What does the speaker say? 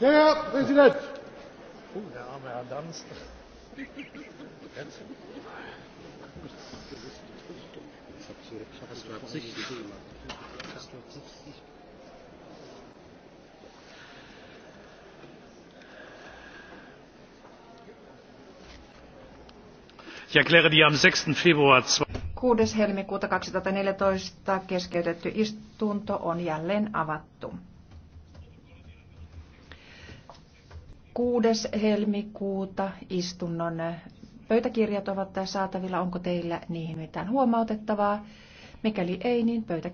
Ja, ja, president. Oh, der arme Herr Danz. Ich erkläre die am 6. Februar 6. helmikuuta 2014 keskeytetty istunto on jälleen avattu. 6. helmikuuta istunnon pöytäkirjat ovat saatavilla. Onko teillä niihin mitään huomautettavaa? Mikäli ei, niin pöytäkirjat.